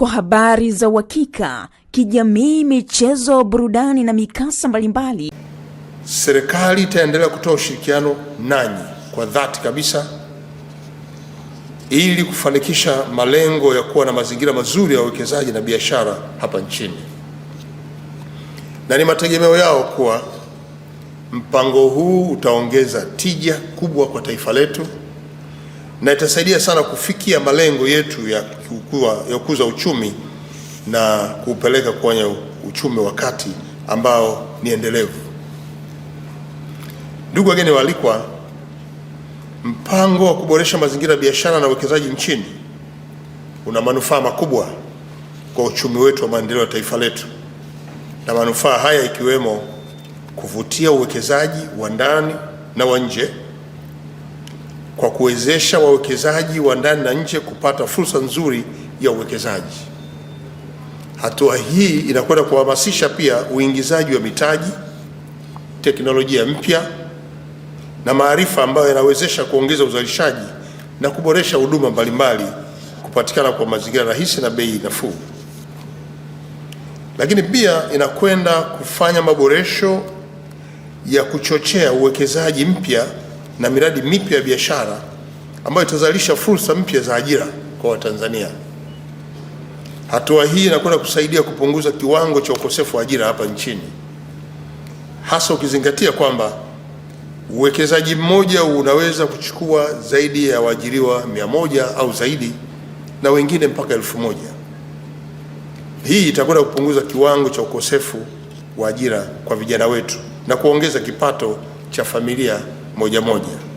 kwa habari za uhakika, kijamii, michezo, burudani na mikasa mbalimbali. Serikali itaendelea kutoa ushirikiano nanyi kwa dhati kabisa ili kufanikisha malengo ya kuwa na mazingira mazuri ya uwekezaji na biashara hapa nchini, na ni mategemeo yao kuwa mpango huu utaongeza tija kubwa kwa taifa letu na itasaidia sana kufikia malengo yetu ya kukuza uchumi na kuupeleka kwenye uchumi wa kati ambao ni endelevu. Ndugu wageni waalikwa, mpango wa kuboresha mazingira ya biashara na uwekezaji nchini una manufaa makubwa kwa uchumi wetu wa maendeleo ya taifa letu, na manufaa haya ikiwemo kuvutia uwekezaji wa ndani na wa nje kwa kuwezesha wawekezaji wa ndani na nje kupata fursa nzuri ya uwekezaji. Hatua hii inakwenda kuhamasisha pia uingizaji wa mitaji, teknolojia mpya na maarifa ambayo yanawezesha kuongeza uzalishaji na kuboresha huduma mbalimbali kupatikana kwa mazingira rahisi na bei nafuu. Lakini pia inakwenda kufanya maboresho ya kuchochea uwekezaji mpya na miradi mipya ya biashara ambayo itazalisha fursa mpya za ajira kwa Watanzania. Hatua hii inakwenda kusaidia kupunguza kiwango cha ukosefu wa ajira hapa nchini, hasa ukizingatia kwamba uwekezaji mmoja unaweza kuchukua zaidi ya waajiriwa mia moja au zaidi na wengine mpaka elfu moja. Hii itakwenda kupunguza kiwango cha ukosefu wa ajira kwa vijana wetu na kuongeza kipato cha familia moja moja.